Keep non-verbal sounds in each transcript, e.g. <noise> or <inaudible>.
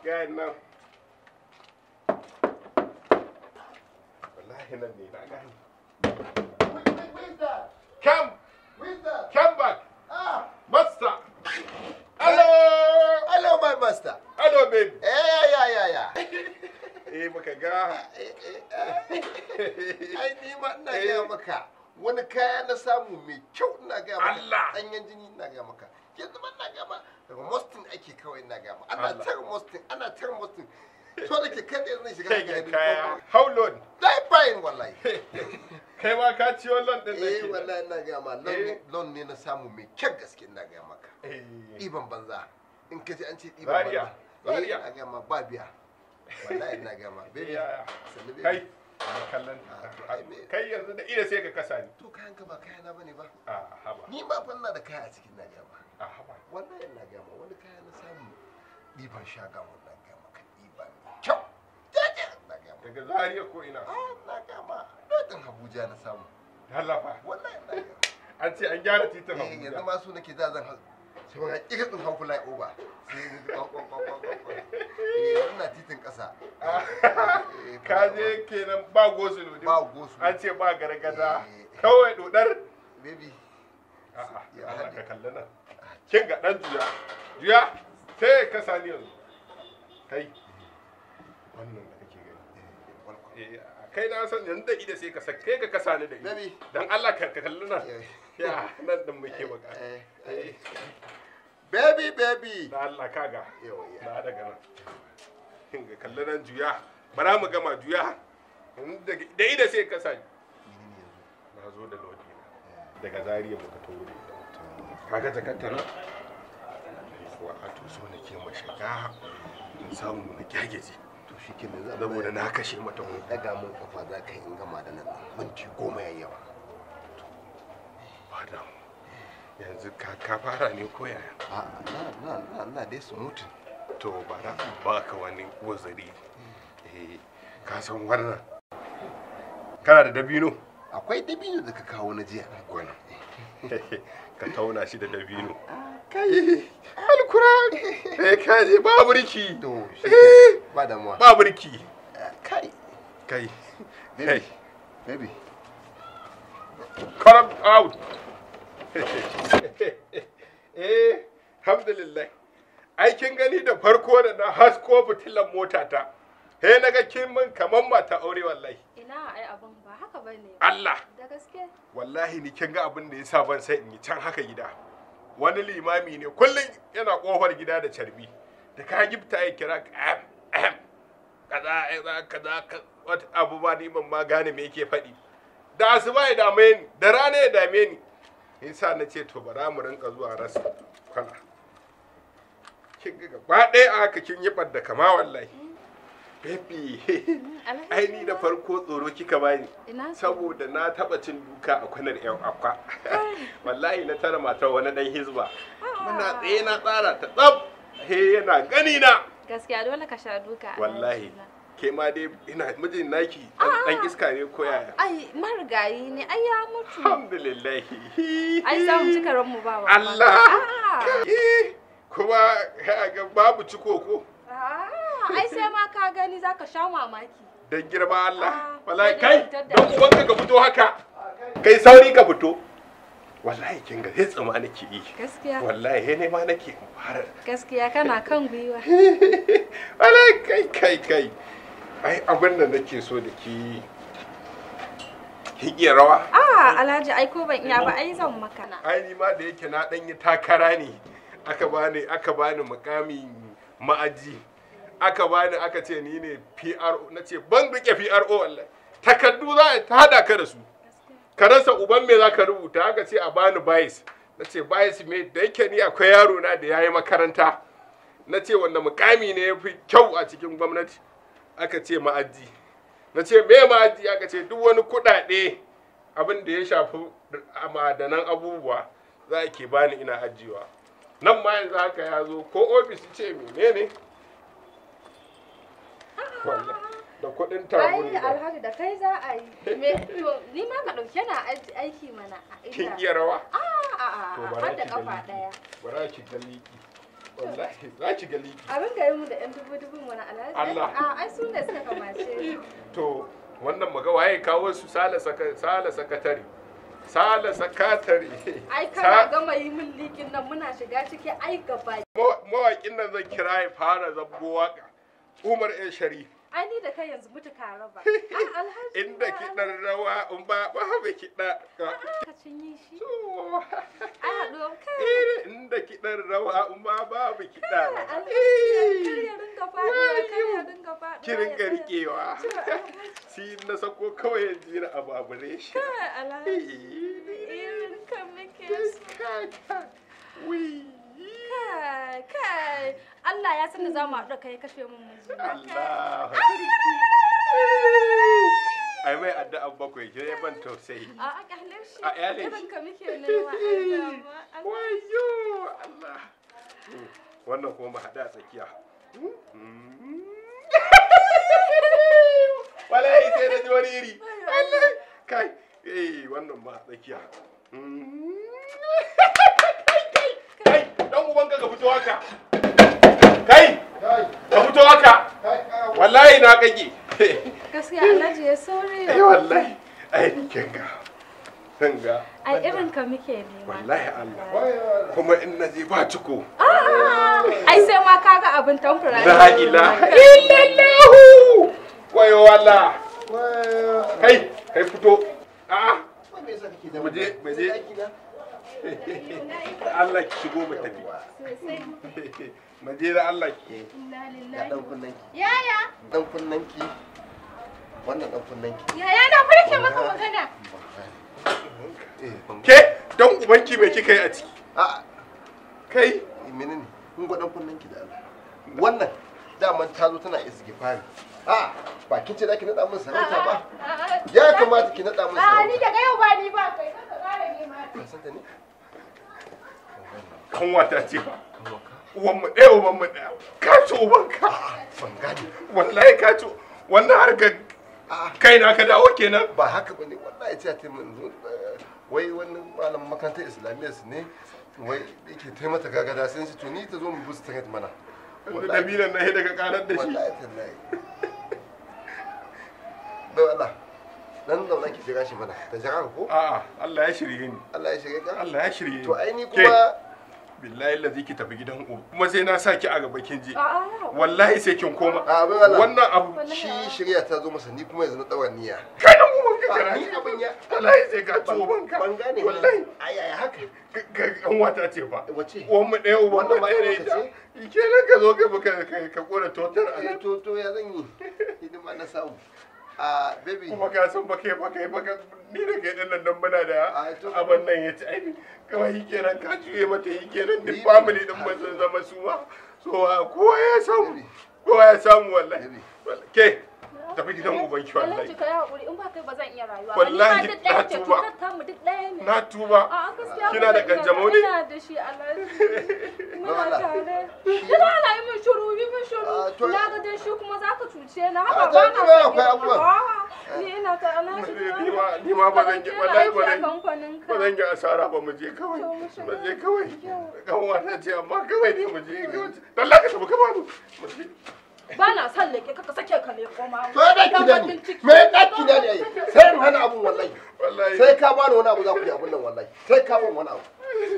gayan nan wallahi nan ne na gani come come back ah. master hello hello my master hello babe yeah yeah yeah yeah eh, eh ga eh, eh, ai ni ma ina gaya maka wani kaya na samu mai kyau ina gaya maka danyen jini ina ga maka yanzu ban na gama mostin ake kawai na gama ana tar mostin ana tar mostin to da ke kai yanzu shiga daga gari kaya how loan dai bayin wallahi <laughs> kai ma ka ciyo loan din nake eh wallahi na gama loan eh. loan ne na samu mai kyan gaske na ga maka eh. iban banza in ka ji an ce iban banza bariya eh, na gama ba biya wallahi na gama <laughs> baby sannu kai kallon ah, ah, kai yanzu da ina sai ka kasa ni to kayan ka ba kayana bane ba a ah, haba ni ba fanna da kaya a cikin na gama wallahi ina gaya wani kaya na samu ɗiban shaga mun na gaya maka ɗiba mai kyau jaje na gaya ma daga zariya ko ina ah na gaya ma lotin abuja na samu tallafa wallahi ina gaya an ce an gyara titin eh, abuja yanzu ma su nake da zan sai wani ƙiƙa tsin hau fulai oba sai yanzu kwakwan kwakwan kwakwan eh, ina titin ƙasa eh, ka je kenan ba gosu ne. ba gosu an ce ba gargada kawai dodar baby ya ka kallana kin ga dan juya juya sai ka sani yanzu kai wannan da kake gani eh, eh, kai na san yanzu da ida sai ka sa kai ka da ida dan Allah ka eh. ya nan din muke baby baby da Allah ya daga nan kin ga juya bara mu gama juya da ida sai ka na zo da lodi daga zariya muka tawo kaga jakarta nan kuwa a to na ke ma shiga in samu na gyagyaje to shi ke na kashe mata mu daga mun za ka in gama da nan minti goma yawa ba yanzu ka fara ne ko yaya a na na na dai smooth to ba na baka wani wazari eh ka san wannan kana da dabino akwai dabino da ka kawo na jiya gwanin <laughs> ka tauna shi da dabino ah, kai alkuran ah. eh kai eh, ba burki to shi eh. ba da damuwa ba burki ah, kai kai kai baby come out <laughs> eh alhamdulillah ai kin gani da farko da na hasko fitilan motata he na ga kin min kaman mata aure wallahi ina ai abun ba haka ne. Allah da gaske wallahi ni kin ga abin da yasa ban sai in yi can haka gida wani limami ne kullum yana kofar gida da carbi da ka gifta ya kira kaza kaza kaza wata abu ba ni ban ma gane me yake faɗi da asuba ya dame ni da rana ya dame ni yasa na ce to bara mu rinka zuwa rasa kwana kin ga gaba ɗaya aka kin yi ɓadda kama wallahi Baby, <laughs> ai ni da farko tsoro kika bani. Saboda na taba cin duka a kwanar yan akwa. <laughs> Wallahi na tara matar wani dan hizba. Muna tsaye na tsara ta tsaf. He yana gani na. Gaskiya dole ka sha duka. Wallahi. Ke ma dai ina mijin naki dan iska ne ko yaya? Ai marigayi ne ai ya mutu. Alhamdulillah. Ai za mu cika ranmu ba wa. Allah. Kuma babu ciko ko? A'a. ai sai ma ka gani zaka sha mamaki dan girma Allah ah, wallahi kai Don uwanka ka fito haka kai sauri ka fito wallahi kin ga sai tsama nake yi gaskiya wallahi he ne ma nake fara gaskiya kana kan gwiwa <laughs> wallahi kai kai kai ai abin da nake so da ki ki iya rawa Ah, alhaji ai ko ban iya ba ai zan maka na ai ni ma da yake na dan yi takara ne aka bani aka bani mukamin ma'aji aka bani aka ce ni ne PRO na ce ban rike PRO Allah takardu za ta hada ka da su karansa uban me zaka rubuta aka ce a bani bias na ce bias me da yake ni akwai yaro na da yayi makaranta na ce wanda mukami ne yafi kyau a cikin gwamnati aka ce ma'aji na ce me ma'aji aka ce duk wani kuɗaɗe abin da ya shafi ma'adanan abubuwa za a ke bani ina ajiyewa nan ma yanzu haka ya zo ko ofis ce menene da kuɗin tabur ai alhaji da kai za a yi me to ni ma ka ɗauke na aiki mana kin iya rawa A'a, a'a, a har da ƙafa ɗaya. bara ki liƙi, wallahi za ki liƙi. abin ga mu da yan dubu dubu mana alhaji Allah a ai su ne suka kamace to wannan maga waye kawo su sala sala sakatare sala sakatare ai kana gama yi min liƙin nan muna shiga ciki ai gaba mawaƙin nan zan kira ya fara zabgo waka Umar El Sharif ai ni da kai yanzu mutu ka raba alhaji ah, ah, <laughs> eh, inda kiɗan rawa in ba ba ba kiɗa ah, ka cinye shi kai inda kiɗan rawa in ba ba ba kiɗa ki ringa riƙewa si <laughs> na sako kawai ya jira a babure shi alhaji eh, kai Allah ya san da za mu haɗu kai kashe mun mun Allah ai mai addu'an bakwai ke ya ban tausayi a a kalle shi a yale shi ka muke nema wayo Allah hmm, wannan kuma mu haɗu a tsakiya hmm. <laughs> wallahi sai da ji wani iri wallahi kai eh wannan ma tsakiya hmm. ubanka ka fito haka kai ka fito haka wallahi na kage gaskiya alhaji ya eh wallahi ai kin ga ai irin ka muke wallahi Allah kuma in na ba ciko ah! ai sai ma kaga abin tamfura la ilaha illallah wayo wala kai kai fito a'a me yasa da Allah ki shigo mu tafi mu je da Allah ki Ya dan kunnan ki yaya dan kunnan ki wannan dan kunnan ki yaya na farke maka magana eh. ke dan ubanki me kika yi a ciki a kai eh, ne? kun ga dan kunnan ki da Allah wannan daman ta zo tana isgifari a ba kin ce da ki nada min sarauta ba ya kamata ki nada min sarauta a ni daga yau ba ni ba kai kanwata ce ba uwanmu ɗaya ubanmu ɗaya ka ci ubanka wallahi ka ci wannan harkar kai na ka dawo kenan ba haka bane wallahi ce ta mun zo eh, wai wani malam makarantar islamiyya su ne wai yake taimata gagada sun ce to ta zo mu busu ta mana wanda dabilan na daga karar da shi wallahi tallahi da wallahi nan zauna ki jira shi mana ta jira ko a'a Allah ya shirye ni Allah ya shirye ka Allah ya shirye to ai ni kuma billahi ki tafi gidan uku kuma sai na saki a gaba kin je wallahi sai kin koma wannan abu shi shirya ta zo masa ni kuma yanzu na daura niyya kai dan uban ka ni abin ya wallahi sai ka ciwo ban gane wallahi haka an wata ce ba wace uwan mu ɗaya mu ɗaya ne ke nan ka zo ka ka kora totar a eh, to to ya zan yi hidima na samu a ah, baby kuma ka san ni da ke dinnan dan muna da ah, abin nan yace kawai yi kenan ka juye mata yi kenan duk family din ba zama su ba so ah, kowa ya samu kowa ya samu wallahi ke tafi gidan eh, uban ki wallahi kai hakuri in ba kai ba zan iya rayuwa wallahi na tuba na tuba kina da ne ina da shi <laughs> tare kina shuru shuru na ga shi kuma zaka cuce ah, na haka ba na ba ni ina ta ni ma ba zan wallahi ba zan ba zan asara ba mu je kawai mu je kawai kan wata ce amma kawai ne mu je kawai kawai mu je ba na son leke kaka sake ka leko ma to da ki da ni me da ki da ni sai in hana abun wallahi sai ka bani wani abu za ku yi abun nan wallahi sai ka bani wani abu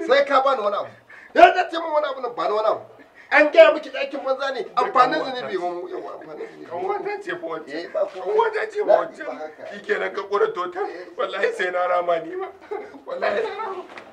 sai ka bani wani abu dan da ce min wani abu nan ba wani abu an gaya miki ɗakin banza ne amfanin zunubi mu yau amfanin zunubi kan wata ce fa wace eh, kan wata ce fa wace ka ƙura total eh. wallahi sai na rama ni ma wallahi na rama